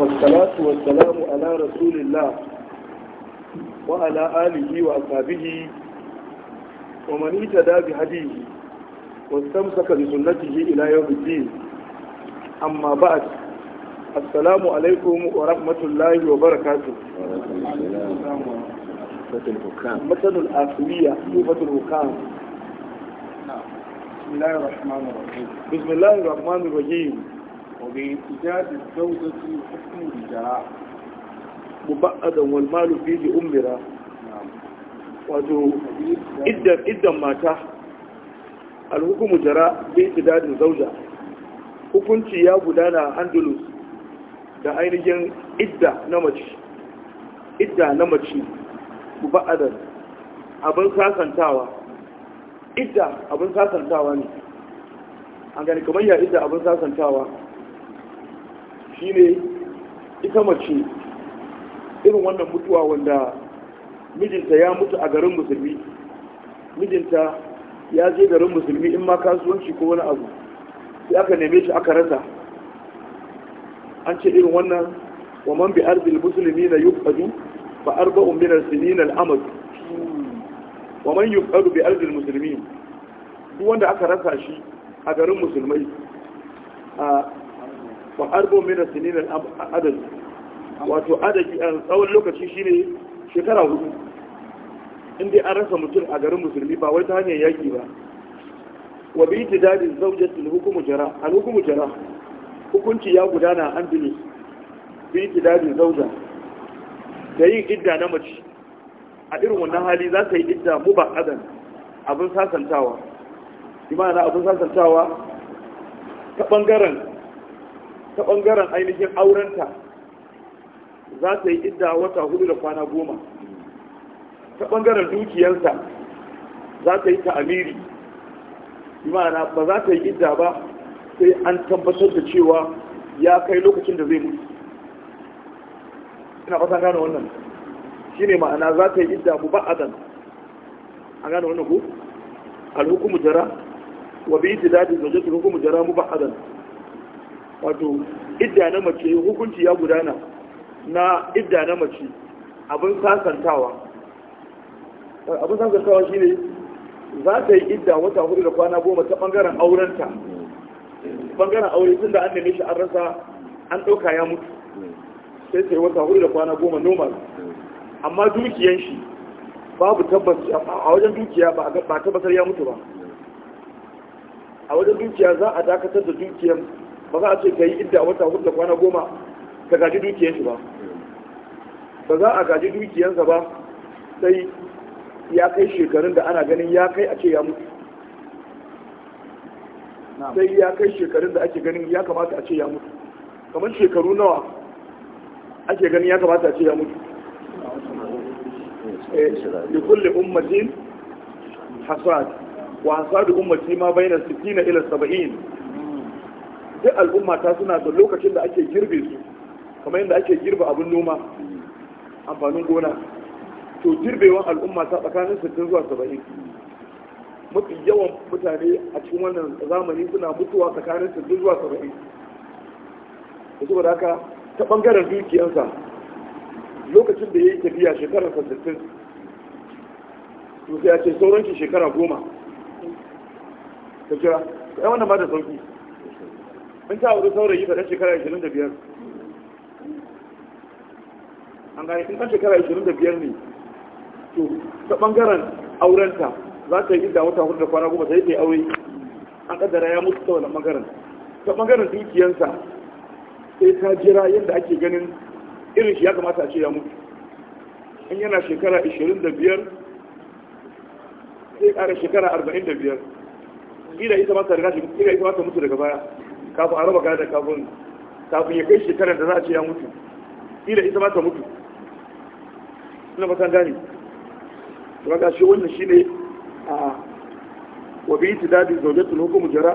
والصلاة والسلام على رسول الله وعلى آله وأصحابه ومن اهتدى بهديه واستمسك بسنته إلى يوم الدين أما بعد السلام عليكم ورحمة الله وبركاته مثل الآخرية صفة الحكام بسم الله الرحمن الرحيم بسم الله الرحمن الرحيم وبإتجاد الزوجة حكم الرجاء مبعدا والمال فيه أمرا wato iddan mata alhukumu jara bai tidadin zauja hukunci ya gudana a andalus da ainihin idda na mace idda na mace muba'adar abin sasantawa idda abin sasantawa ne an gani kamar ya idda abin sasantawa shine ita mace irin wannan mutuwa wanda mijinta ya mutu a garin musulmi mijinta ya je garin musulmi in ma kasuwanci ko wani abu sai aka neme shi aka rasa an ce irin wannan wa man bi arzil musulmi na yuqadu fa arba'un min as-sinin al-amad wa man yuqadu bi arzil musulmi duk wanda aka rasa shi a garin musulmai wa harbin mina sinin adadi wato adadi a eh, tsawon lokaci shi ne shekara hudu inda an rasa mutum a garin musulmi ba wai ta hanyar yaki ba wa bi tidadin zaujatul hukumu jara an hukumu jara hukunci ya gudana an bini bi tidadin zauja da yin idda na mace a irin wannan hali za ka yi idda mu ba adan abin sasantawa imana abin sasantawa ta bangaren ta ɓangaren ainihin aurenta za ta yi idda wata hudu da kwana goma ta ɓangaren dukiyarsa za ta yi ta'amiri imana ba za ta yi idda ba sai an tabbatar da cewa ya kai lokacin da zai mutu ina fatan gane wannan shi ne ma'ana za ta yi idda mu ba adam an gane wannan ku alhukumu jara wa bi idda da zaje hukumu jara mu ba adam wato idda na mace hukunci ya gudana na idda na mace abin sasantawa abin sasantawa shi ne za ta yi idda wata hudu da kwana goma ta bangaren aurenta bangaren aure tun da an neme shi an rasa an ɗauka ya mutu sai ta yi wata hudu da kwana goma normal amma dukiyan shi babu tabbas a wajen dukiya ba a tabbatar ya mutu ba a wajen dukiya za a dakatar da dukiyan ba za a ce ka yi idda a wata hudu da kwana goma ka gaji dukiyarsa ba ba za a gaji dukiyarsa ba sai ya kai shekarun da ana ganin ya kai a ce ya mutu sai ya kai shekarun da ake ganin ya kamata a ce ya mutu kamar shekaru nawa ake ganin ya kamata a ce ya mutu da eh, eh, kulle ummatin hasad wa hasadu ummati ma bayna 60 ila 70 duk al'umma ta suna da lokacin da ake girbe su kamar yadda ake girbe abin noma amfanin gona to girbewan al'umma ta tsakanin 60 zuwa 70 mafi yawan mutane a cikin wannan zamani suna mutuwa tsakanin 60 zuwa 70 da saboda haka ta bangaren dukiyarsa, lokacin da ya yi tafiya shekarar 60 to sai a ce sauranci shekara goma ta kira ta yi wannan ma da sauki in ta wuri saurayi ta ɗan shekara 25 an gani in ɗan shekara 25 ne to ta ɓangaren aurenta za ta yi inda wata hudu da kwana goma sai ta yi aure an ƙaddara ya mutu ta wannan ɓangaren ta ɓangaren dukiyansa sai ta jira yadda ake ganin irin shi ya kamata a ce ya mutu in yana shekara 25 sai ƙara shekara 45 ila ita ma da gashi, shi ita ma mutu daga baya kafin a raba gada kafin kafin ya kai shekarar da za a ce ya mutu ila ita ma ta mutu ina ba matan gani to ga shi wannan shine a wa bi tidadi zawjatul hukum jara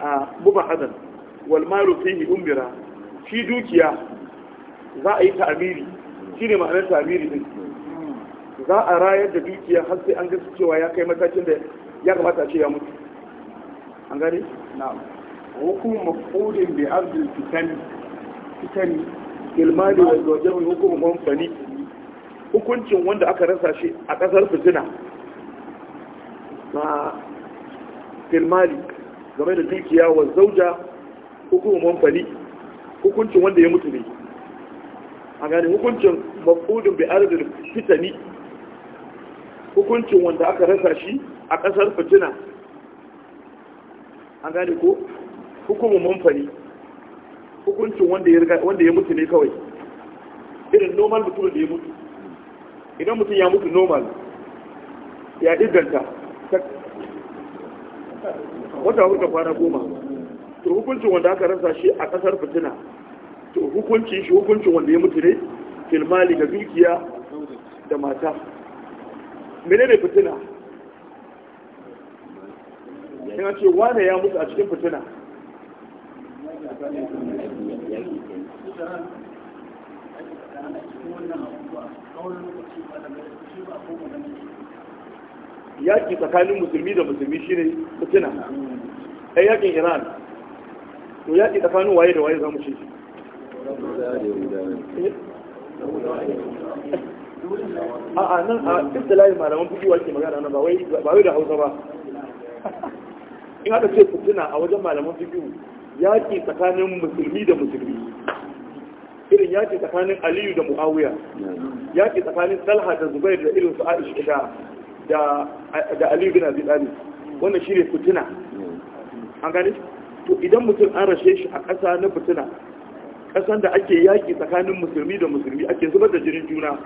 a mubahadan wal malu fihi umbira shi dukiya za a yi ta'amiri shine ma'anar ta'amiri din za a rayar da dukiya har sai an ga cewa ya kai matakin da ya kamata a ce ya mutu an gani na'am hukum mafudin bi arzil fitani fitani ilmali wa zaujami hukum manfani hukuncin wanda aka rasa shi a ƙasar fitina na filmali game da dukiya wa zauja hukum manfani hukuncin wanda ya mutu ne a gane hukuncin mafudin bi arzil fitani hukuncin wanda aka rasa shi a ƙasar fitina an gane ko hukumin mumfari hukuncin wanda ya mutu ne kawai irin normal mutumin da ya mutu idan mutum ya mutu normal ya inganta wata hukunta kwana goma to hukuncin wanda aka rasa shi a kasar fitina to hukuncin shi hukuncin wanda ya mutu ne filmali ga dukiya da mata mene ne fitina yana ce wane ya mutu a cikin fitina yaki tsakanin musulmi da musulmi shine fitina a yakin iran to yaki tsakanin waye da waye za mu a a'a nan a duk da layi malaman fuji wake magana nan ba wai da hausa ba in aka ce fitina a wajen malaman fuji yaƙi tsakanin musulmi da musulmi irin yaƙi tsakanin aliyu da mu'awiya yaƙi tsakanin talha da zubair da irin su aisha da aliyu bin abi talib wannan shi ne fitina an gani to idan mutum an rashe shi a ƙasa na fitina ƙasan da ake yaƙi tsakanin musulmi da musulmi ake zubar da jirin juna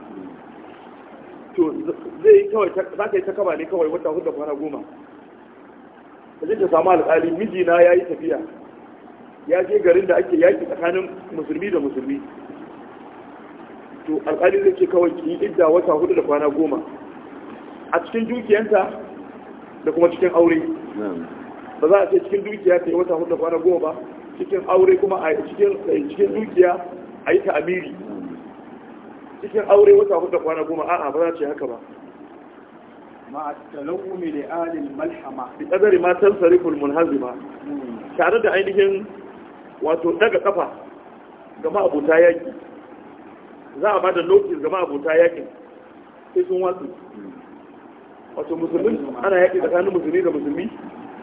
to zai yi kawai za ka yi ta kaba ne kawai wata hudu kwana goma ka je ka samu alƙali mijina ya yi tafiya ya je garin da ake yaki tsakanin musulmi da musulmi to alƙali zai ce kawai ki idda wata hudu da kwana goma a cikin dukiyanta da kuma cikin aure ba za a ce cikin dukiya ta yi wata hudu da kwana goma ba cikin aure kuma a cikin dukiya a yi ta amiri cikin aure wata hudu da kwana goma a'a ba za a ce haka ba مع التلوم لآل الملحمة بقدر ما تنصرف المنهزمة tare da ainihin wato daga kafa gama abuta yaki za a bada notice gama ma'abuta yakin sai sun watsu wato musulmi ana yaki tsakanin musulmi da musulmi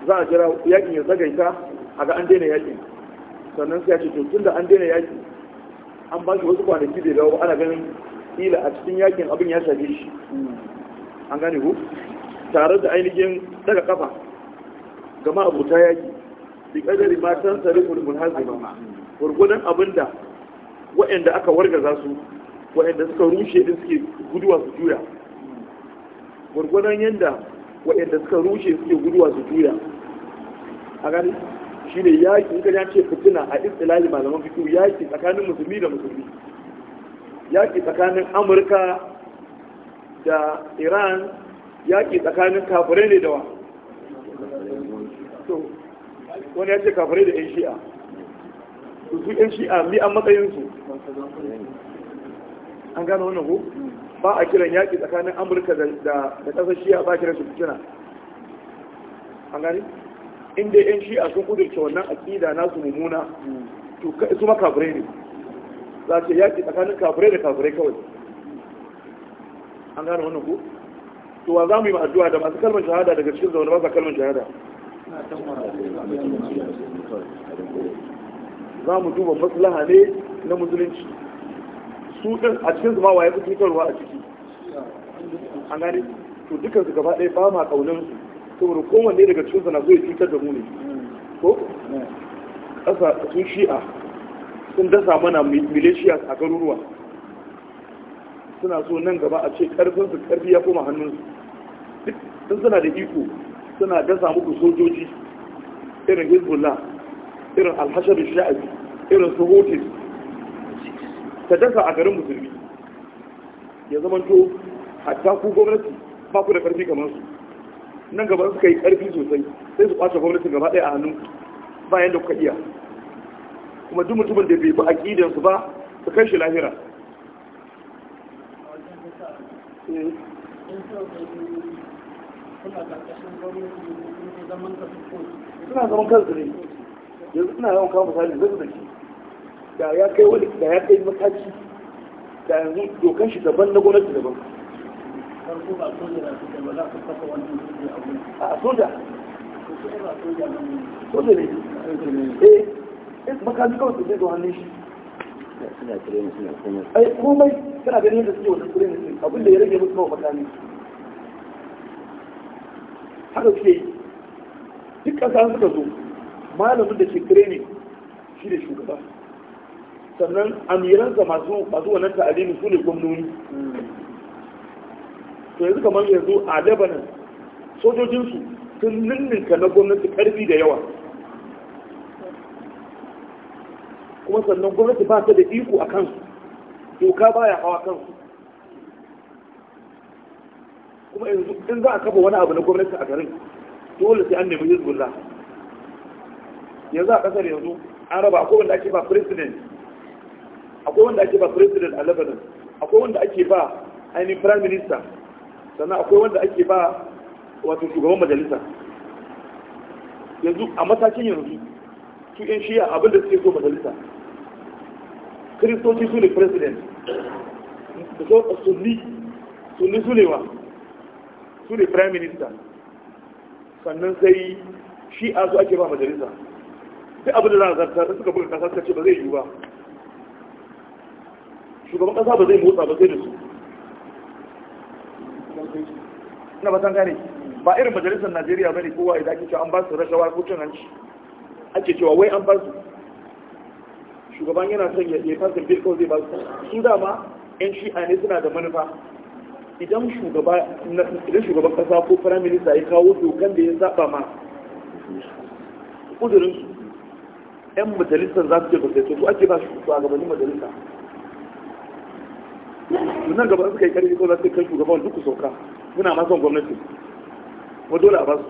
za a jira yaƙin ya zagaita a ga an daina yaƙin. sannan sai a ce tun da an daina yaki an ba shi wasu kwanaki da dawo ana ganin ila a cikin yakin abin ya shafe shi an gane ku tare da ainihin daga kafa gama abuta yaki bi kadari ma tan sariful munhazima gurgunan abinda wa'anda aka wargaza su wa'anda suka rushe din suke guduwa su juya gurgunan yanda wa'anda suka rushe suke guduwa su juya a gani shi ne yaƙi in ka ce fitina a istilali malaman fito yaƙi tsakanin musulmi da musulmi yaƙi tsakanin amurka da iran yaƙi tsakanin kafirai ne da wa wani ya ce kafare da yan shi'a su su yan shi'a mi an matsayinsu an gano wannan ko ba a kiran yaƙi tsakanin amurka da ƙasar shi'a ba kiran su fitina an gani inda yan shi'a sun kudurce wannan aƙida nasu mummuna to su ma kafare ne za ce yaƙi tsakanin kafare da kafare kawai an gano wannan ko to wa za mu yi addu'a da masu kalmar shahada daga cikin zaune ba sa kalmar shahada za mu duba maslaha ne na musulunci su ɗin a cikin zama waye fi cutarwa a ciki an gane to dukkan su gaba ɗaya ba ma ƙaunar su saboda kowanne daga cikin na zai cutar da mu ne ko ƙasa sun shi'a sun dasa mana milishiyas a garuruwa suna so nan gaba a ce ƙarfin su ƙarfi ya koma hannun su duk suna da iko suna gasa muku sojoji irin hezbollah irin alhashar sha'abi irin su hotis ta dasa a garin musulmi ya zama to hatta ku gwamnati ba ku da karfi kamar su nan gaba suka yi karfi sosai sai su kwace gwamnati gaba ɗaya a hannun bayan da kuka iya kuma duk mutumin da bai bi aqidan su ba su kai shi lahira eh. suna zaman kansu ne yanzu suna yawan kawo misali zai zaki da ya kai wani da ya kai mataki da yanzu dokan shi daban na gwamnati daban a soja soja ne eh, eh makami kawai su zo hannun shi suna kire suna komai ai komai suna ganin yadda suke wannan kire ne abin da ya rage musu kawai haka suke yi duk ƙasa suka zo malamin da ke training shi da shugaba sannan amiransa masu masu wannan ta'alimi su ne gwamnoni to yanzu kamar yanzu a lebanon sojojinsu sun ninninka na gwamnati karfi da yawa kuma sannan gwamnati ba ta da iko a kansu doka baya hawa kansu kuma yanzu in za a kafa wani abu na gwamnati a garin dole sai an nemi hizbullah yanzu a kasar yanzu an raba akwai wanda ake ba president akwai wanda ake ba president a lebanon akwai wanda ake ba ainihin prime minister sannan akwai wanda ake ba wato shugaban majalisa yanzu a matakin yanzu su yan shiya abinda suke so majalisa kristoci su ne president da so sunni sunni su ne wa su ne prime minister sannan sai shi a su ake ba majalisa sai abin da za a da suka buga kasa suka ce ba zai yiwu ba shugaban kasa ba zai motsa ba sai da su na ba gane ba irin majalisar najeriya ba ne kowa idan ake cewa an ba su rashawa ko cin hanci ake cewa wai an ba su shugaban yana son ya fasa bilkau zai ba su su dama yan shi'a ne suna da manufa idan shugaban kasa ko firayim ya kawo dokan da ya zaɓa ma ƙudurinsu 'yan majalisar za su ce ba sai to ake ba a gabanin majalisa nan gaba suka yi karfi ko za su kai shugaban duk sauka muna ma son gwamnati ma dole a ba su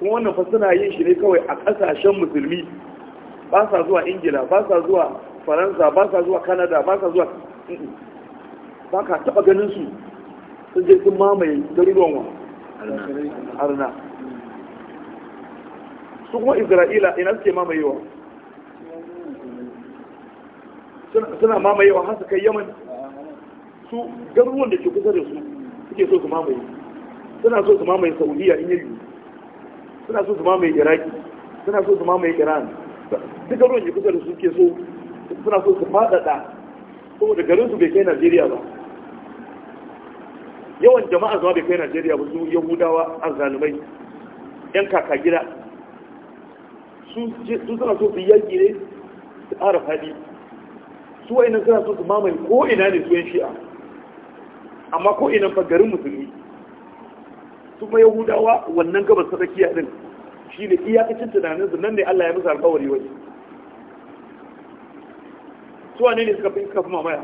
kuma wannan fa suna yin shi ne kawai a ƙasashen musulmi ba sa zuwa ingila ba sa zuwa faransa ba sa zuwa Kanada, ba sa zuwa ba ka taɓa ganin su sun je sun mamaye garuruwan wa arna su kuma isra'ila ina suke mamayewa suna mamayewa har su kai yaman su garuruwan da ke kusa da su suke so su mamaye suna so su mamaye saudiya in yi suna so su mamaye iraki suna so su mamaye iran duk garuruwan da kusa da su ke so suna so su faɗaɗa saboda garin su bai kai najeriya ba yawan jama'a zuwa bai kai najeriya ba su yahudawa azzalumai yan kaka gida su suna so su yaƙi ne su ƙara fadi su wa'ina suna so su mamaye ko'ina ne su yan shi'a amma ko'ina ina fa garin musulmi su ma yahudawa wannan gabas ta tsakiya din shi ne iyakacin tunanin su nan ne Allah ya musu alƙawari wani su wane ne suka fi kafin mamaya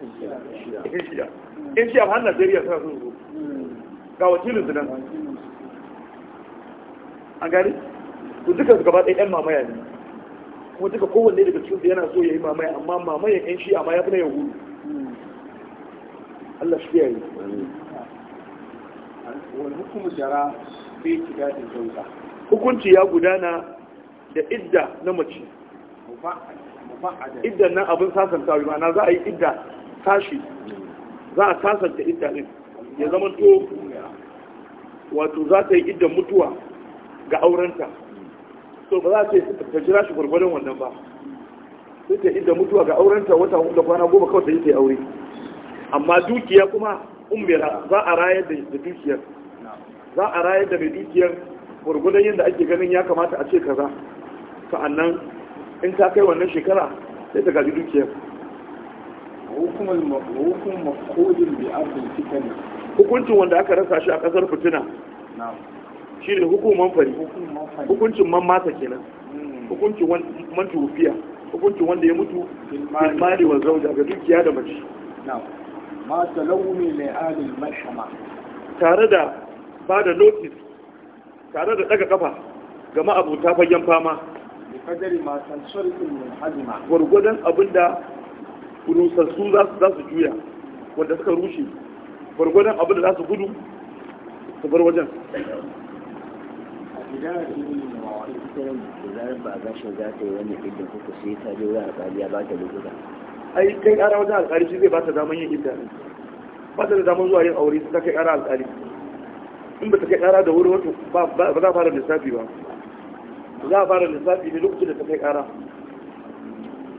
in shi a har najeriya suna sun zo ga wakilin su nan an gani su duka su gaba ɗaya 'yan mamaya ne kuma duka kowanne daga cikinsu yana so ya yi mamaya amma mamayan 'yan shi amma ya fi na yahudu Allah shi yayi wani hukumu jara bai kiga da sauka. hukunci ya gudana da idda na mace idda nan abin sasantawa ma na za a yi idda tashi za a sasanta idda din ya zama to wato za ta yi iddan mutuwa ga aurenta so ba za ta jira shi gwargwadon wannan ba sai ta idda mutuwa ga aurenta wata da kwana goma kawai ta yi ta aure amma dukiya kuma umira za a rayar da dukiyar za a rayar da mai dukiyar gwargwadon yadda ake ganin ya kamata a ce kaza sa'annan in ta kai wannan shekara sai ta gaji dukiyar hukuncin wanda aka rasa shi a kasar fitina shi ne hukuman fari hukuncin man mata kenan hmm. hukuncin man tufiya hukuncin wanda ya mutu mali wa zauja ga dukiya da mace mata launi mai alil mashama tare da ba da notice tare da daga kafa ga ma'abuta fagen fama gwargwadon abinda rusassu za su juya wanda suka rushe gwargwadon abin da za su gudu su bar wajen ai kai kara wajen shi zai ba ta yin ba ta da zuwa yin aure ta kai in ba kai ƙara da wuri wato ba za a fara lissafi ba za a fara lissafi ne lokacin da ta kai kara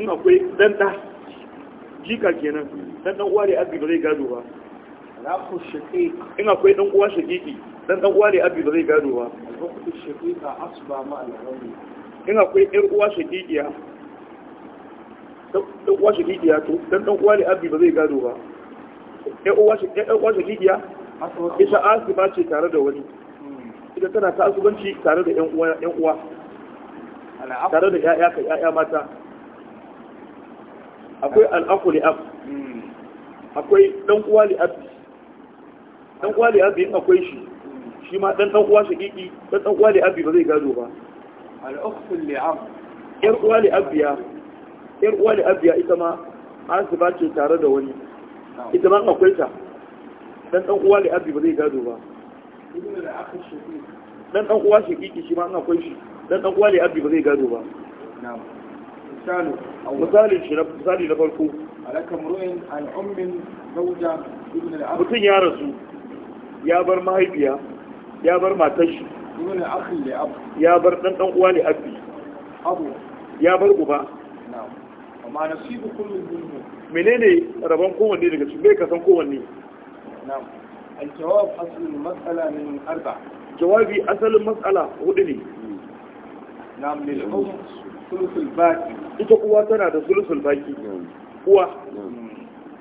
in akwai dan jika kenan dan dan uwa ne abi ba zai gado ba alaku shaqiq in akwai dan uwa shaqiqi dan dan uwa ne abi ba zai gado ba alaku shaqiqa asba ma al in akwai uwa shaqiqiya dan uwa shaqiqiya to dan dan uwa ne abi ba zai gado ba yar uwa shaqiqiya dan uwa shaqiqiya ita asiba ce tare da wani hmm. ita tana ta asubanci tare da yan uwa tare da ya'ya ka ya'ya mata akwai al'aku li'ab akwai dan uwa li'abi dan uwa li'abi in akwai shi shi ma dan dan uwa shakiki dan dan uwa li'abi ba zai gado ba al'aku li'ab yar uwa li'abiya yar uwa li'abiya ita ma asiba ce tare da wani ita ma akwai ta dan dan uwa li'abi ba zai gado ba dan dan uwa shakiki shi ma an akwai shi dan dan uwa li'abi ba zai gado ba na'am misali shi misali na farko mutum ya rasu ya bar mahaifiya ya bar matar shi ya bar dan dan uwa ne abbi ya bar uba amma nasibu kullu dhulm menene rabon kowanne daga cikin bai kasan kowanne na'am al-jawab aslul mas'ala min arba jawabi asalin mas'ala hudu ne na'am lil sulusul baki ita uwa tana da sulusul baki uwa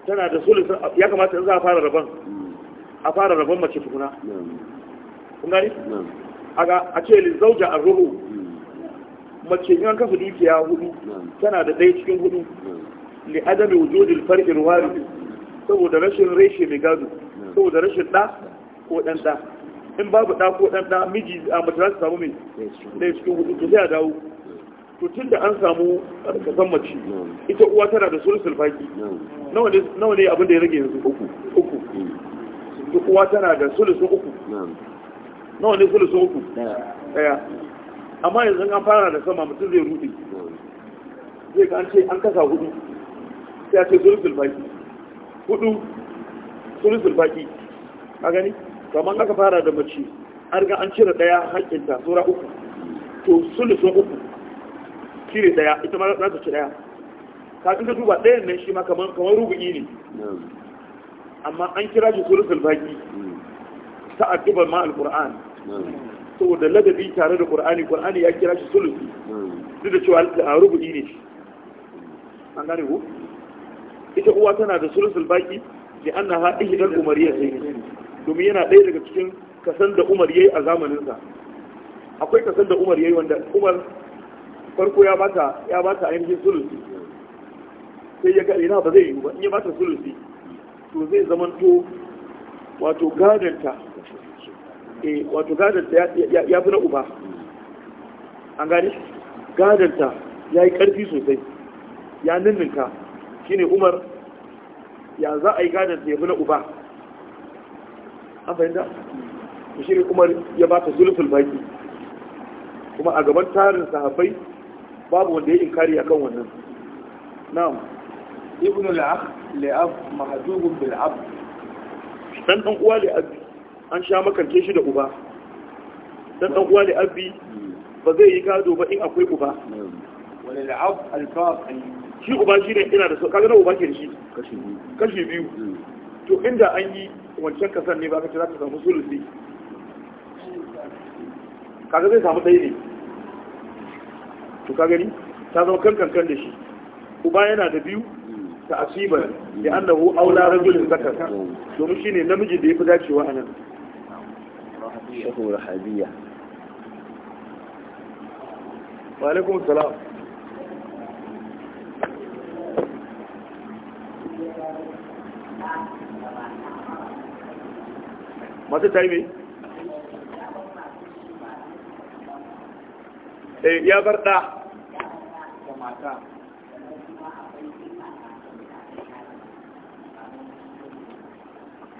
tana da sulusul ya kamata in za a fara rabon a fara rabon mace tukuna kun gani a ce li zauja an ruhu mace yan kafa dukiya hudu tana da ɗaya cikin hudu li adami wujudil farqi ruwari saboda rashin reshe mai gado saboda rashin ɗa ko ɗan ɗa in babu ɗa ko ɗan ɗa miji a mace za su samu mai ɗaya cikin hudu to sai a dawo to tun da an samu kasan mace ita uwa tana da sulusul sulfaki nawa ne abin da ya rage yanzu uku uku eh. ita uwa tana da sulusun uku nawa ne sulusun uku daya amma yanzu an fara da sama mutum zai rudi zai ga an ce an kasa hudu sai a ce sulusul sulfaki hudu sulusul sulfaki a gani kamar aka fara da mace an ga an cire daya hankinta sura uku to sulusun uku cire daya ita ma za ta ci daya ka in ka duba ɗayan nan shi ma kamar kamar rubu'i ne amma an kira shi suratul baqi hmm. ta addubar ma alquran saboda ladabi tare da qur'ani qur'ani ya kira shi sulusi duk da cewa a rubu'i ne an gane ku ita uwa tana da sulusul baqi li annaha ihdal umariyatayn domin yana ɗaya daga cikin kasan da Umar yayi a zamanin sa akwai kasan da Umar yayi wanda Umar farko ya bata ya bata ainihin sulusi sai ya ga ina ba zai yi ba in ya bata sulusi to zai zama to wato gadanta eh wato gadanta ya fi na uba an gane gadanta ya yi ƙarfi sosai ya ninninka shine umar ya za a yi gadanta ya fi na uba an fahimta shi ne umar ya bata zulfin baki kuma a gaban tarin sahabbai babu wanda ya yi kari akan wannan na'am ibnu la'ab la'af mahdubun bil ab dan dan uwa abi an sha makance shi da uba dan dan uwa abi ba zai yi gado ba in akwai uba wala la'ab al-faqi shi uba shi ne ina da so kaga na uba ke da shi kashi biyu kashi biyu mm. to inda an yi wancan kasan ne ba ka ce za ka samu sulusi kaga zai samu ɗaya ne to ka gani ta zama kankan da shi uba yana da biyu ta asiba da annahu aula rajulin zakar domin shine namiji da yafi dacewa anan shahu rahabiya wa alaikum salam masu taimai Eh, ya bar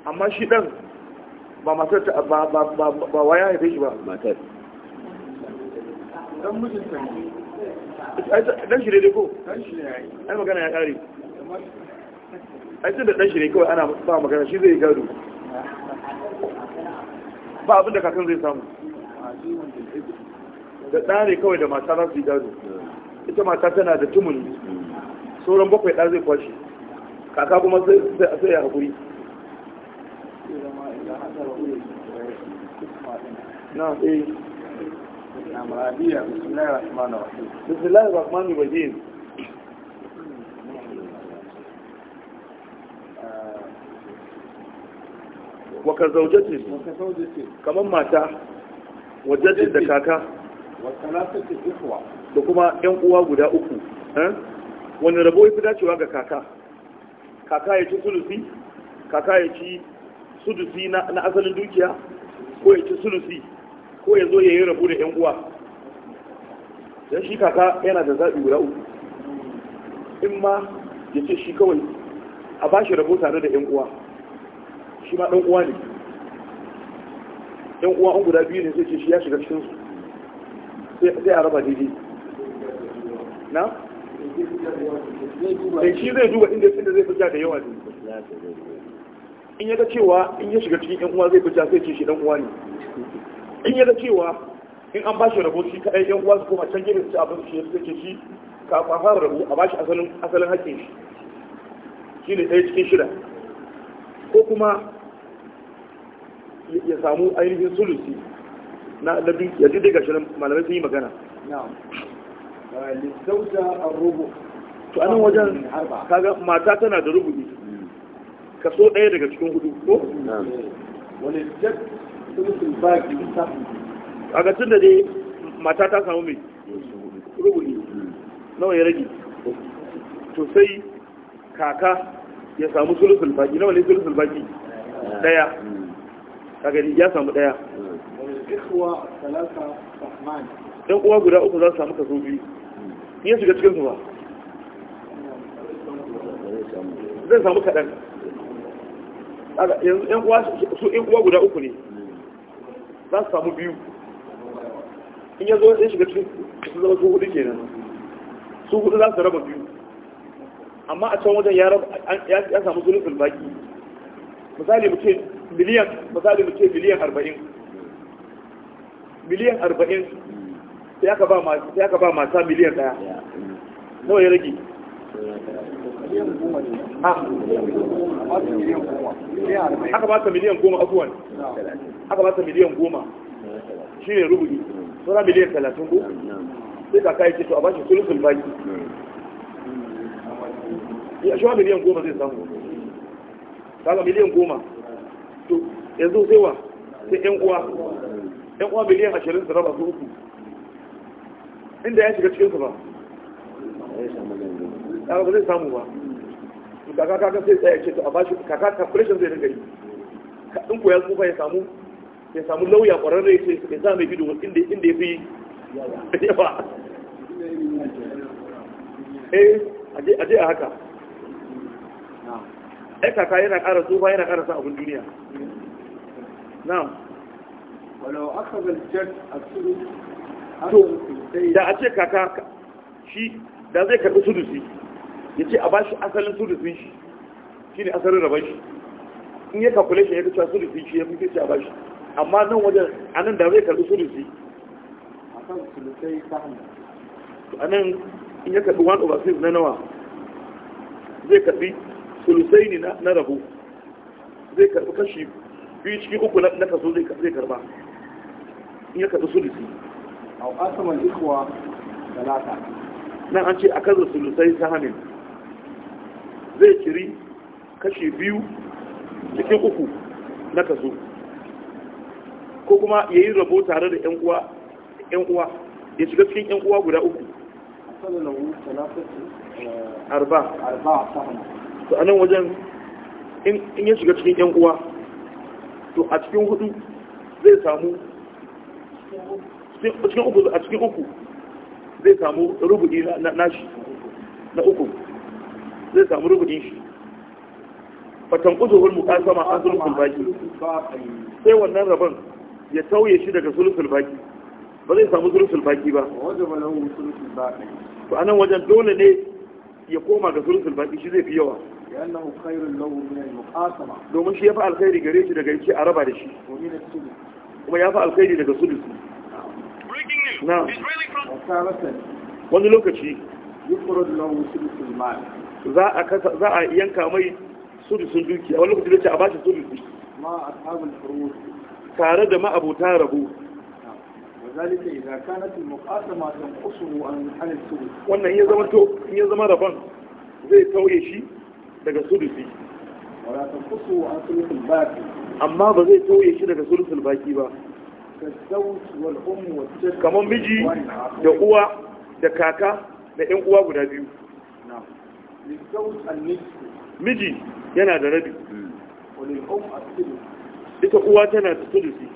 amma shi ɗan ba matar ta ba ya haife shi ba matar ɗan mijinta ne ɗan shi daidai ko? ɗan shi ne ai magana ya ƙare ai tun da ɗan shi ne kawai ana ba magana shi zai gado ba abinda kakan zai samu da ɗare kawai da mata za su yi gado ita mata tana da tumuli sauran bakwai ɗa zai kwashe kaka kuma sai ya haƙuri na eh bismillahir rahmanir rahim wakar zaujatin kamar mata wajatin da kaka da kuma yan uwa guda uku eh? wani rabo ya fi dacewa ga kaka kaka ya ci sulusi kaka ya ci sulusi na asalin dukiya ko ya ci sulusi ko ya zo ya yi rabu da yan uwa don shi kaka yana da zaɓi guda uku in ma ya ce shi kawai a ba shi rabo tare da yan uwa shi ma ɗan uwa ne yan uwa an guda biyu ne sai ce shi ya shiga cikinsu zai a raba daidai na? da shi zai duba inda inda zai fita da yawa ne in yaga cewa in ya shiga cikin yan uwa zai fita sai ce shi dan uwa ne in yaga cewa in an bashi rabo shi kadai yan uwa su koma can gidan su abin shi sai ce shi ka fara rabo a bashi asalin asalin hakkin shi shine ɗaya cikin shida ko kuma ya samu ainihin sulusi na nabi yanzu dai gashi malamai sun yi magana to anan wajen kaga mata tana da rubu'i kaso ɗaya daga cikin hudu ko a ga tun da dai mata ta samu mai rubu'i nawa ya rage to sai kaka ya samu sulusul baki nawa ne sulusul baki daya kagari ya samu daya ɗan uwa guda uku za su samu kaso biyu iya shiga cikinsu ba zai samu kaɗan su ɗan uwa guda uku ne za su samu biyu in ya zo ya shiga cikin su zama su hudu kenan su hudu za su raba biyu amma a can wajen ya samu zulufin baki misali mu misali mu ce miliyan arba'in miliyan arba'in sai aka ba masa miliyan daya nawa ya rage aka ba ta miliyan goma abuwan aka ba ta miliyan goma shi ne rubuɗi sura miliyan talatin ko sai ka kayi ce to a ba shi sulusul baki ya shi wa miliyan goma zai samu kaga miliyan goma to yanzu zai wa sai yan uwa ɗan uwa miliyan ashirin su raba su uku inda ya shiga cikinsu ba ba zai samu ba kaka kaka sai tsaye ce to a bashi kaka calculation zai dinga yi in ko ya tsufa ya samu ya samu lauya ƙwararre ya ce ya sa mai gido inda inda ya fi yawa eh aje a haka ai kaka yana ƙara tsufa yana ƙara sa abin duniya na'am da a ce kaka shi da zai karɓi sudusi ya ce a ba asalin sudusin shi shi ne asalin rabar shi in ya ya fi cewa shi ya fi a ba amma nan wajen a nan da zai karɓi sudusi a nan in ya karɓi 1 over na nawa zai ne na rabu zai kashi biyu cikin uku na kaso zai karɓa in ya karɓi sulusi a asaman ikuwa talata nan an ce a kan sulusai sahamin zai ciri kashi biyu cikin uku na kaso ko kuma ya yi rabo tare da 'yan uwa ya shiga cikin 'yan uwa guda uku eh, arba to anan wajen in ya shiga cikin 'yan uwa to a cikin hudu zai samu cikin uku a cikin uku zai samu rubu'i na shi na uku zai samu rubu'in shi fatan uzuhul muqasama an sulhul baki sai wannan rabon ya tauye shi daga sulhul baki ba zai samu sulhul baki ba to anan wajen dole ne ya koma ga sulhul baki shi zai fi yawa domin shi ya fi alkhairi gare shi daga yake a raba da shi kuma ya fi alkhairi daga su. na wani lokaci za a yanka mai duki. dukiya wani lokaci da ce a bashi sudusu tare da ma'abuta rabu wannan iya zama rabon zai tauye shi daga وأن هي amma ba zai toye shi daga sulusul baki ba um kamar miji da uwa da kaka da yan uwa guda biyu miji yana da rabi hmm. um ita uwa tana da sulusi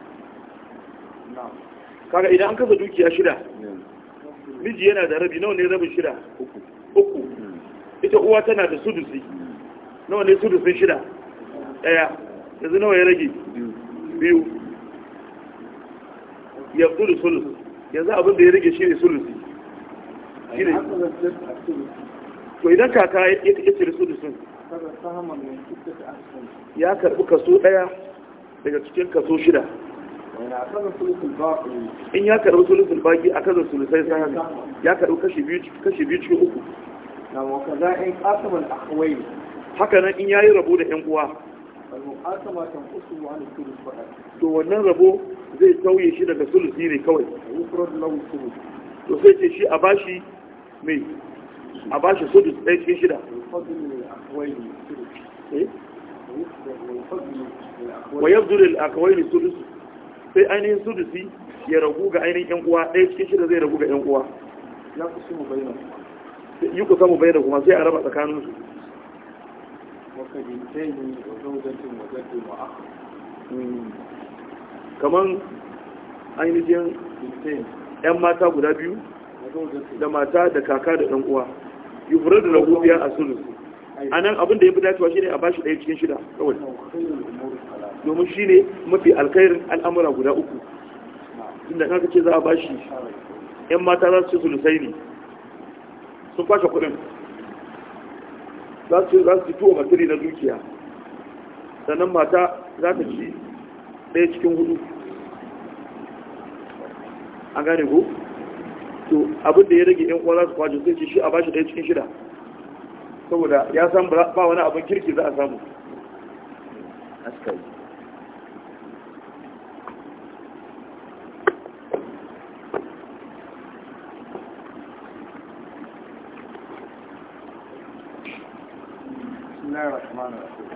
kaga idan an kasa dukiya shida hmm. miji yana da rabi nawa ne rabin shida uku hmm. ita uwa tana da sulusi nawa ne su sun shida ɗaya yanzu nawa ya rage biyu ya kudu sulus yanzu abin da ya rage shi ne sulus shi ne to idan kaka ya da sulusun ya karɓi kaso ɗaya daga cikin kaso shida in ya karɓi sulusun baki a kazan sulusai sa ya karɓi kashi biyu cikin uku na wakaza'in ƙasaman akwai haka nan in yi rabo da yan uwa to wannan rabo zai tauye shi daga sulusi ne kawai to sai ce shi a bashi mai a bashi sudus ɗaya cikin shida eh? wa yabdu lil ne sudus sai ainihin sulusi ya ragu ga ainihin yan uwa ɗaya cikin shida zai ragu ga yan uwa ya kusa mu bayyana yi kusa mu bayyana kuma sai a raba tsakaninsu Hmm. kaman ainihin ‘yan mata guda biyu da mata da kaka da ɗan uwa yi furar da rahubiya a sulu a nan abinda ya fi dacewa shi ne a bashi ɗaya cikin shida kawai domin shi ne mafi alkairin al'amura guda uku inda kanka ce za a bashi ‘yan mata za su ce sulusai ne sun kwashe kuɗin za su ci matari na dukiya sannan mata za ta ci ɗaya cikin hudu a gane ku to abinda ya rage yan uwa za su kwajin sai ce shi a bashi ɗaya cikin shida saboda ya san ba wani abin kirki za a samu askari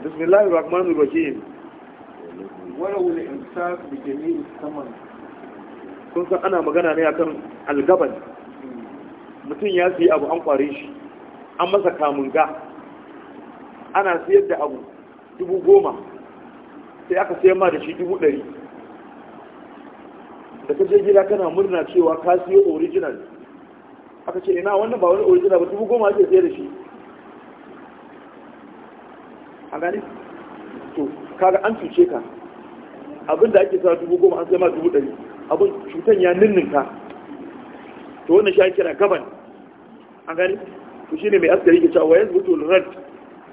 bismillahi rahmanu rahim wani wuli insa da jami'in saman kun san ana magana ne akan algaban mutum ya siya abu an kware shi an masa kamun ga ana siyar da abu dubu goma sai aka siyar ma da shi dubu ɗari da ka je gida kana murna cewa ka siyo original aka ce ina wannan ba wani original ba dubu goma ake siyar da shi gane to kaga an cuce ka abinda ake sa dubu goma an sai ma dubu ɗari abin cutan ya ninninka to wannan shi kira gaban an gane to shine mai askari ke cewa wayan zuto rad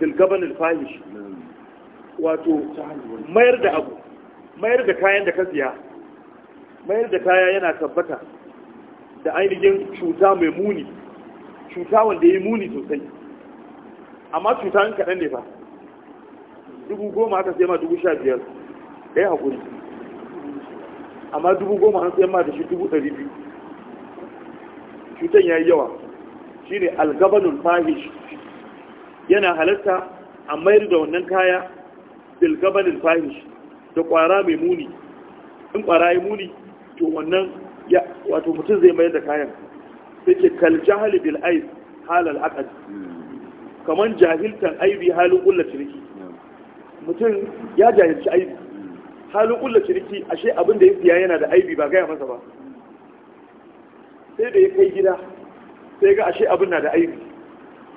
dil gaban alfahish wato mayar da abu mayar da kayan da ka siya mayar da kaya yana tabbata da ainihin cuta mai muni cuta wanda ya yi muni sosai amma cuta in kaɗan ne ba dubu goma aka sai ma dubu sha biyar ɗaya haƙuri amma dubu goma an sai ma da shi dubu ɗari biyu cutan ya yi yawa shi ne algabanul fahish yana halatta a mayar da wannan kaya bilgabanul fahish da ƙwara mai muni in ƙwara ya muni to wannan ya wato mutum zai mayar da kayan sai ke halibin bil'ais halal haƙari hmm. kamar jahiltan aibi halin ƙulla ciniki hmm. mutum ya jahilci aibi halin kulla ciriki, ashe abin da ya siya yana da aibi ba gaya masa ba sai da ya kai gida sai ga ashe abin na da aibi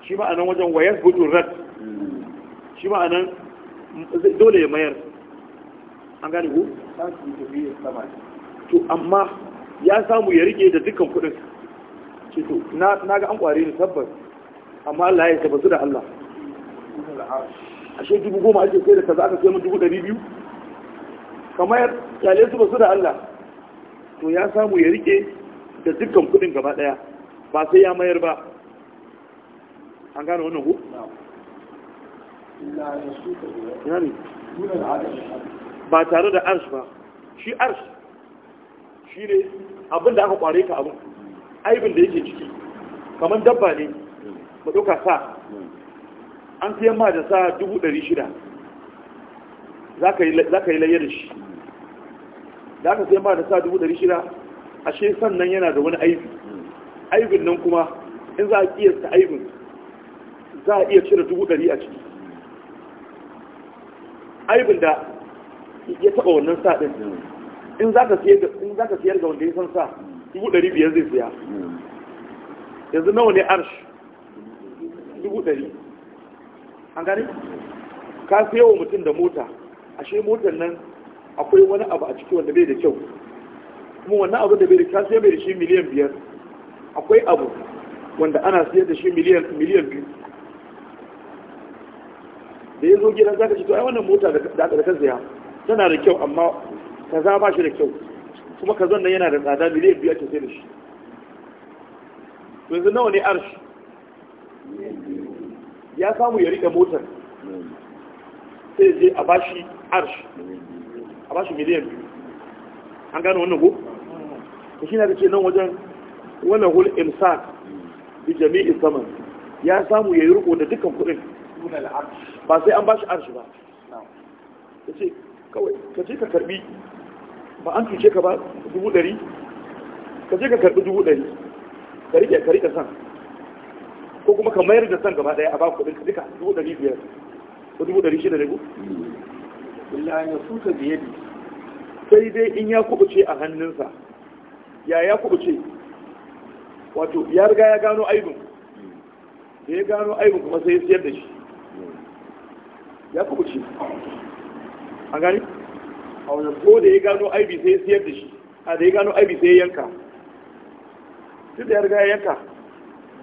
shi ma'anan wajen wayan butun rat shi ma'anan dole ya mayar an gane ku? to amma ya samu ya rike da dukkan kudin ce to na ga an kware ni tabbas amma Allah ya tabbatu da Allah ashe dubu goma ake kai da kaza aka kai mun dubu ɗari biyu kamar kyale su basu su da Allah to ya samu ya rike da dukkan kuɗin gaba daya ba sai ya mayar ba an gane wannan ku? ba tare da arsh ba shi arsh shi ne abin da aka kware ka abin aibin da yake ciki kamar dabba ne mu ɗauka sa an siyan ma da sa dubu ɗari shida za ka yi layya da shi da aka siyan ma da sa dubu ɗari shida ashe sannan yana da wani aibi aibin nan kuma in za a kiyasta aibin za a iya cire dubu ɗari a ciki aibin da ya taɓa wannan sa ɗin in za ka siyar ga wanda ya san sa dubu ɗari biyar zai siya hmm. yanzu nawa ne arsh dubu ɗari an gane ka sayo wa mutum da mota ashe motar nan akwai wani abu a ciki wanda bai da kyau kuma wannan abu da bai da kyau bai da shi miliyan biyar akwai abu wanda ana siyar da shi miliyan miliyan biyu da ya zo gidan zaka ci to ai wannan mota da aka da kan saya tana da kyau amma kaza ba shi da kyau kuma zon nan yana da tsada miliyan biyar ta sayar da shi to yanzu nawa ne arshi ya samu ya riƙe motar sai je a bashi arsh a bashi miliyan biyu an gano wannan ko to shi na ce nan wajen wannan hul imsak da jami'in saman ya samu ya yi riko da dukkan kudin ba sai an bashi arsh ba ta ce kawai ka ce ka karbi ba an cuce ka ba dubu ɗari ka ce ka karbi dubu ɗari ka riƙe ka riƙe san ko kuma ka mayar da san gaba daya a ba kuɗin ka duka dubu ɗari biyar ko dubu ɗari shida da ku? illa ya suka biye bi. sai dai in ya kubuce a hannunsa ya ya kubuce wato ya riga ya gano aibin da ya gano aibin kuma sai ya siyar da shi ya kubuce a gani a wani ko da ya gano aibi sai ya siyar da shi a da ya gano aibi sai ya yanka duk da ya riga ya yanka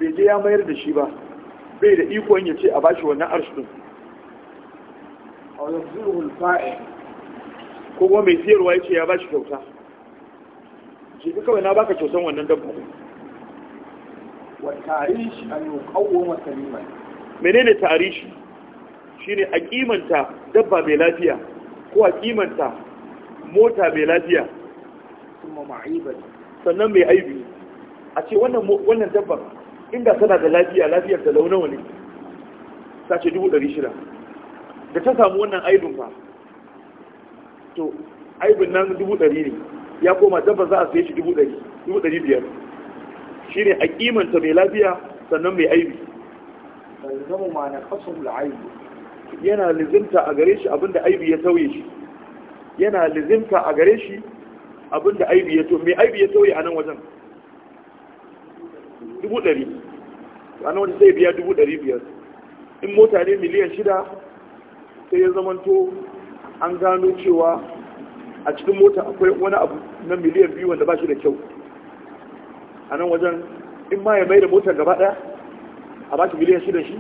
bai je ya mayar da shi ba bai da ikon ya ce a bashi wannan arshin ko kuma mai siyarwa ya ce ya bashi kyauta ce ka kawai na baka kyautan wannan dabba wa tarishi an yi kawoma saliman menene tarishi ne a kimanta dabba mai lafiya ko a kimanta mota mai lafiya sannan mai aibi a ce wannan dabba inda tana da lafiya lafiyar ta launawa ne ta ce dubu ɗari shida da ta samu wannan aibin fa to aibin nan dubu ɗari ne ya koma dabba za a sai shi dubu ɗari dubu ɗari biyar shi ne a kimanta mai lafiya sannan mai aibi yana lizimta a gare shi abinda aibi ya sauye shi yana lizimta a gare shi abinda aibi ya to mai aibi ya sauye a nan wajen dubu ɗari wani sai biya dubu ɗari biyar in mota ne miliyan shida sai ya zamanto an gano cewa a cikin mota akwai wani abu na miliyan biyu wanda ba shi da kyau a nan wajen in ma ya mai da motar gaba ɗaya a ba shi miliyan shida shi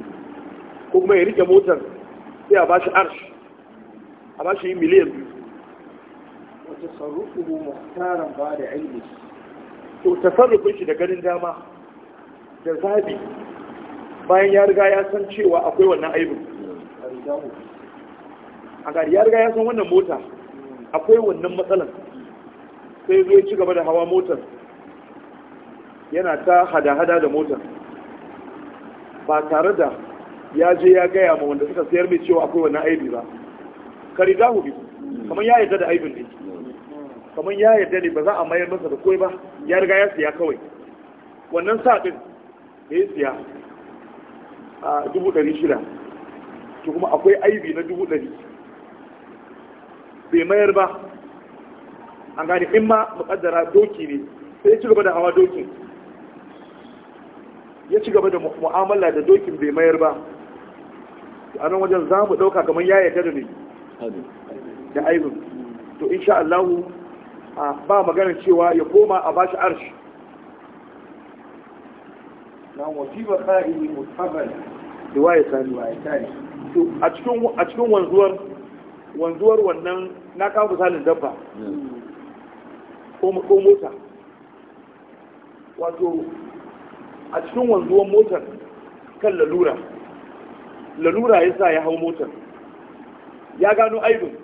ko kuma ya rike motar sai a ba shi arsh a ba shi yi miliyan biyu wata sarrufu tara ba da ainihi to tasarrufin shi da ganin dama da zabi bayan ya riga ya san cewa akwai wannan aibin a gari ya riga ya san wannan mota akwai wannan matsalan sai zai ci gaba da hawa motar yana ta hada-hada da motar ba tare da ya je ya gaya ma wanda suka sayar mai cewa akwai wannan aibi ba kari za bi? kamar ya yarda da aibin ne kamar ya yarda ne ba za a mayar masa da koi ba ya riga ya siya kawai wannan sa'adin ya siya a dubu ɗari shida to kuma akwai aibi na dubu ɗari bai mayar ba an gane in ma muƙaddara doki ne sai ya ci gaba da hawa dokin ya ci gaba da mu'amala da dokin bai mayar ba a nan wajen za mu ɗauka kamar ya yarda da ne da aibin to insha Allahu ba magana cewa ya koma a bashi arshi nan wafi ba sa'i mutafal riwaya sani to a cikin a cikin wanzuwar wanzuwar wannan na kawo misalin dabba ko ko mota wato a cikin wanzuwar motar kan lalura lalura yasa ya hau motar ya gano aibin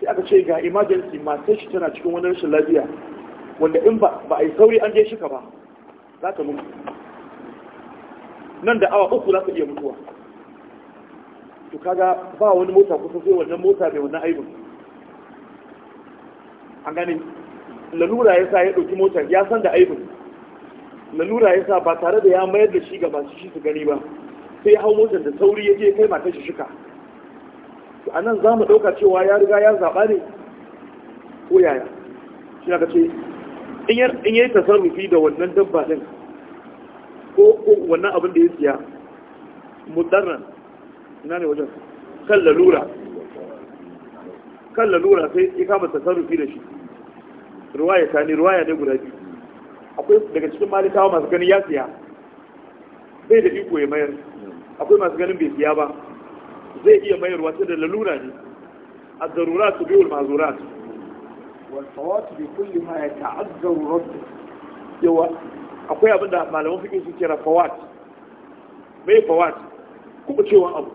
sai aka ce ga emergency masu shi tana cikin wani rashin lafiya wanda in ba a yi sauri an je shika ba za ta mutu nan da awa uku za ka iya mutuwa to kaga ba wani mota kusa sai wannan mota mai wannan aibin an gani lalura ya sa ya ɗauki motar ya san da aibin lalura ya sa ba tare da ya mayar da shi ga masu shi su gani ba sai ya hau motar da sauri ya je kai matar shi shuka to anan za mu ɗauka cewa ya riga ya zaba ne ko yaya shi na ce in yi tasarrufi da wannan dabba din? ko wannan abin da ya siya mudarran ina ne wajen kan lalura kan lalura sai ya kama tasarrufi da shi ruwaya ta ne ruwaya ya guda biyu akwai daga cikin malitawa masu ganin ya siya bai da iko ya mayar akwai masu ganin bai siya ba zai iya mayarwa sai da lalura ne a zarura su biyu mazura su والصوات بكل ما يتعذر ربه yawa akwai abin da malaman fikin su kira fawat mai fawat kuma cewa abu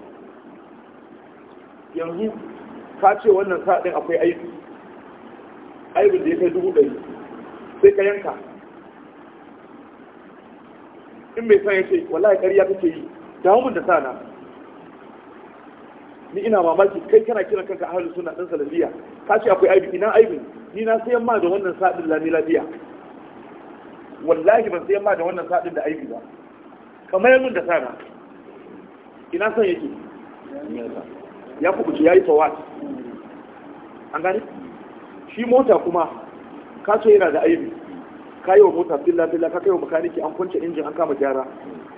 yanzu ka ce wannan sa'adin akwai aiki? aibin da ya kai dubu ɗari sai ka yanka in mai san ya ce wallahi ƙarya kake yi dawo min da sana ni ina mamaki kai kana kiran kanka ahlus sunna dan salafiya ka ce akwai aiki, ina aiki? ni na sayan ma da wannan sa'adin lami lafiya wallahi ban sai ma da wannan sadin da aiki ba kamar yamin da sana ina son yake ya kubuce ya yi tawat an gani shi mota kuma ka ce yana da aibi ka yi wa mota filla filla ka kai wa makaniki an kwance injin an kama gyara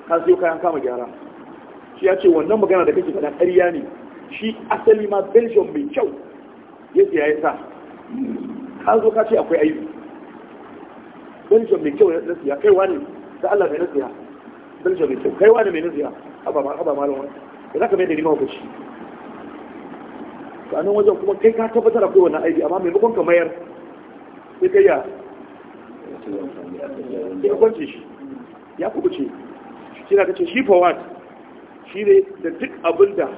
ka siyo kayan kama gyara shi ya ce wannan magana da kake faɗa ƙarya ne shi asali ma belgium mai kyau yake ya yi sa ka zo ka ce akwai aibi daljar mai kyau na siya kai wani da Allah mai nasiya daljar mai kyau kai wani mai nasiya haba ma wani da zaka mai da rima hukunci to anan wajen kuma kai ka tabbatar da kowane aibi amma maimakon ka mayar sai kai ya sai ka kwance shi ya kubuce shi na kace shi for shi ne da duk abin da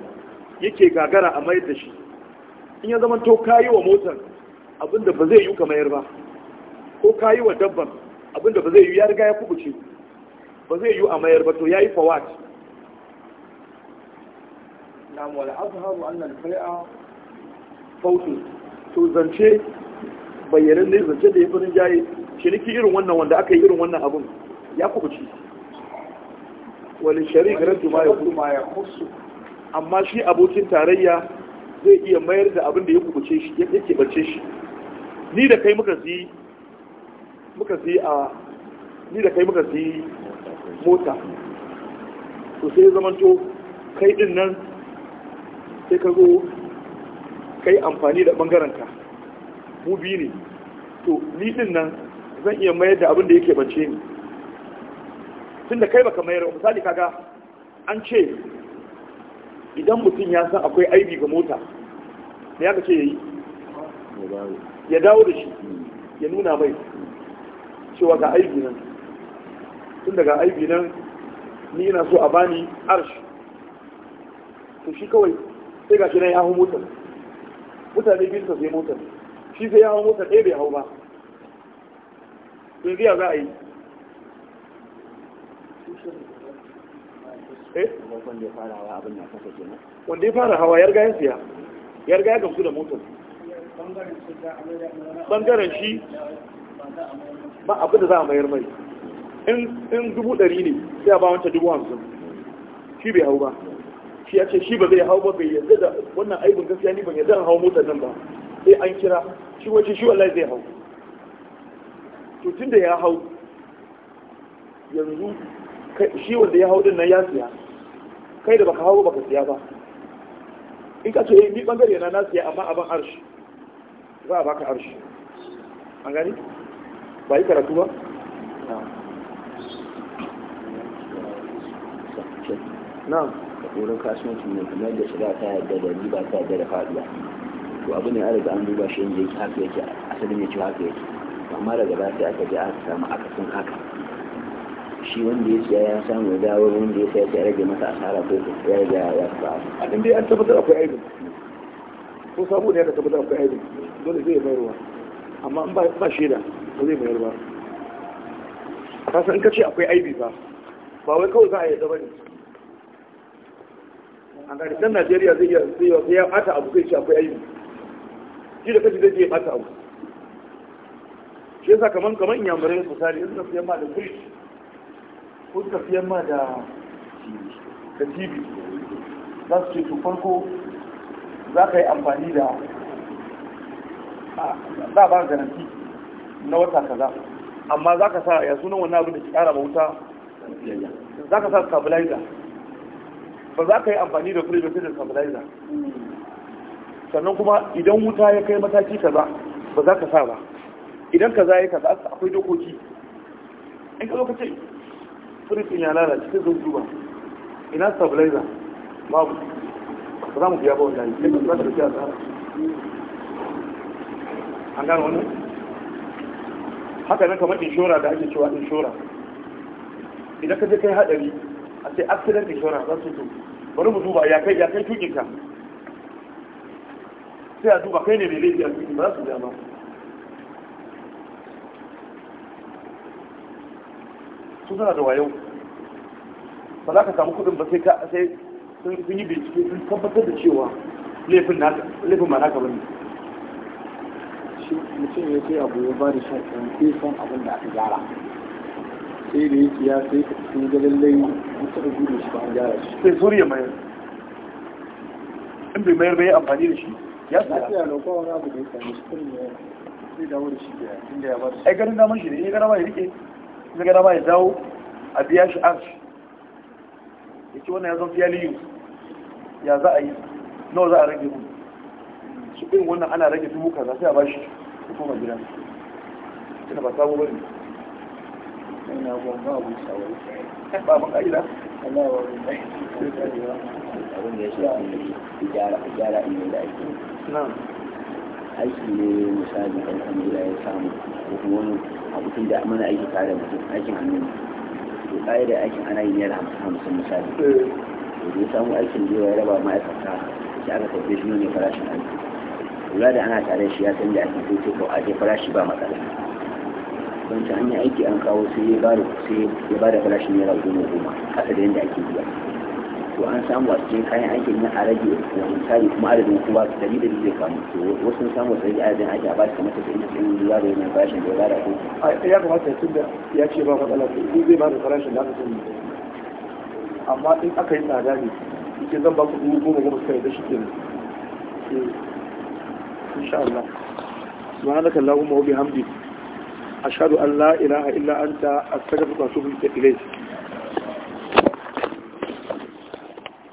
yake gagara a mayar da shi in ya zama to kayi wa motar abin da ba zai yi ka mayar ba ko kayi wa dabban abinda ba zai yi ya riga ya kubuce ba zai yi a mayar ba to ya yi fawat na mawala azharu kai fai'a fautu to zance bayyanan ne zance da ya fi rinjaye niki irin wannan wanda aka yi irin wannan abun ya kubuce wani shari'a rantu ma ya kusu amma shi abokin tarayya zai iya mayar da abin da ya kubuce shi ya bace shi ni da kai muka yi muka siyi a ni da kai muka siyi mota to sai zamanto kai din nan sai ka zo kai amfani da ka, mu biyu ne to ni din nan zan iya mayar da abin da yake bace ni tun da kai baka mayar ba, misali kaga an ce idan mutum ya san akwai aibi ga mota me ya ce ya yi ya dawo da shi ya nuna mai cewa ga aibi nan tun daga aibi nan ni ina so a bani arsh to shi kawai sai gashi nan ya hau motar mutane biyu su sai motar shi sai ya hau motar ɗaya bai hau ba yanzu ya za a yi eh? wanda ya fara hawa yarga ya siya yarga ya gamsu da motar bangaren shi ba abin da za a mayar mai in dubu ɗari ne sai a ba wanta dubu hamsin shi bai hau ba shi ya ce shi ba zai hau ba bai yadda da wannan aibin gaskiya ni ban yadda an hau motar nan ba sai an kira shi wace shi wallahi zai hau to tun da ya hau yanzu shi wanda ya hau din nan ya siya kai da baka hau baka siya ba in ka ce eh ni bangare na na siya amma abin arshi za a baka arshi an gani ba yi karatu ba na wurin kasuwanci ne kamar da shiga ta yadda da riba ta yadda da faduwa to abu ne an an duba shi inda yake haka yake asalin ya ci haka yake amma daga ba sai aka je aka samu akasin haka shi wanda ya siya ya samu ya dawo wanda ya siya ya rage masa asara ko ya ga ya sa abin da ya tabbatar akwai aibin ko sabo ne ya tabbatar akwai aibin dole zai bayarwa amma in ba shaida da zai mayar ba kasan in ka ce akwai aibi ba ba wai kawai za a yi zaba ne a ganisar najeriya zai yi ya bata abu zai ce akwai aibi shi da kaji zai ya bata abu shi yasa kaman kaman inyamurai misali in tafiyan ma da kuri ko tafiyan ma da da tv za su ce to farko za ka yi amfani da za ba garanti na wata kaza amma za ka sa ya sunan wannan abin da ke kara wuta za ka sa stabilizer ba za ka yi amfani da fridge sai da stabilizer sannan kuma idan wuta ya kai mataki kaza ba za ka sa ba idan kaza ya kaza akwai dokoki in ka zo ka ce fridge ya lalace sai zo duba ina stabilizer babu ba za mu biya ba wallahi sai ka zo ka ce a an gano wannan haka nan kamar inshora da ake cewa inshora idan ka je kai hadari a ce accident inshora za su to bari mu duba ya kai ya kai tukin ka sai a duba kai ne mai laifi a tukin ba za su biya ba su suna da wayo ba za ka samu kudin ba sai ka sai sun yi bincike sun tabbatar da cewa laifin ma naka bane shi mutum ya sai abu ya ba da shan kan son abin da aka gyara sai da ya kiya sai ka cikin ga lallai an taɓa gudu shi ba an gyara shi sai ya mayar in bai mayar bai amfani da shi ya sa ya lokwa wani abu da ya sami shi kan mayar sai dawo da shi da ya ba da shi ai ganin naman shi ne ya gara ma ya rike ya gara ma ya dawo a biya shi arshi ya ce wannan ya zan fiya liyu ya za a yi nawa za a rage mu su ɗin wannan ana rage dubu kaza sai a ba shi ku koma gida tunda ba sabo sai na gwan ba abu sawo ba mun ka'ida Allah ya wani abin da ya shafi gyara gyara ne da ake na'am aiki ne misali kan kamila ya samu ko kuma wani abokin da mana aiki tare da mutum aikin hannu to da aikin ana yi naira hamsin hamsin misali eh. to ya samu aikin da ya raba ma'aikata shi aka tafi shi ne farashin aiki kula da ana tare shi ya san da ake sai ko ake farashi ba matsala don ta hanyar aiki an kawo sai ya ba da sai ya ba da farashi naira goma goma kasa da yadda ake biya to an samu a cikin kayan aikin na a rage wani misali kuma adadin kowa su dari da zai kamu to wasu sun samu su a adadin aiki a ba su kamata kamar ta sai sun zuwa da yanayin farashin da ya ba bada ko ya kamata tun da ya ce ba matsala ko zai ba da farashin da aka sani amma in aka yi tsada ne yake zan ba ku dubu goma goma suka yi da shi kenan eh, insha Allah subhanaka allahumma wa bihamdika ashhadu an la ilaha illa anta saka wa atubu ilayk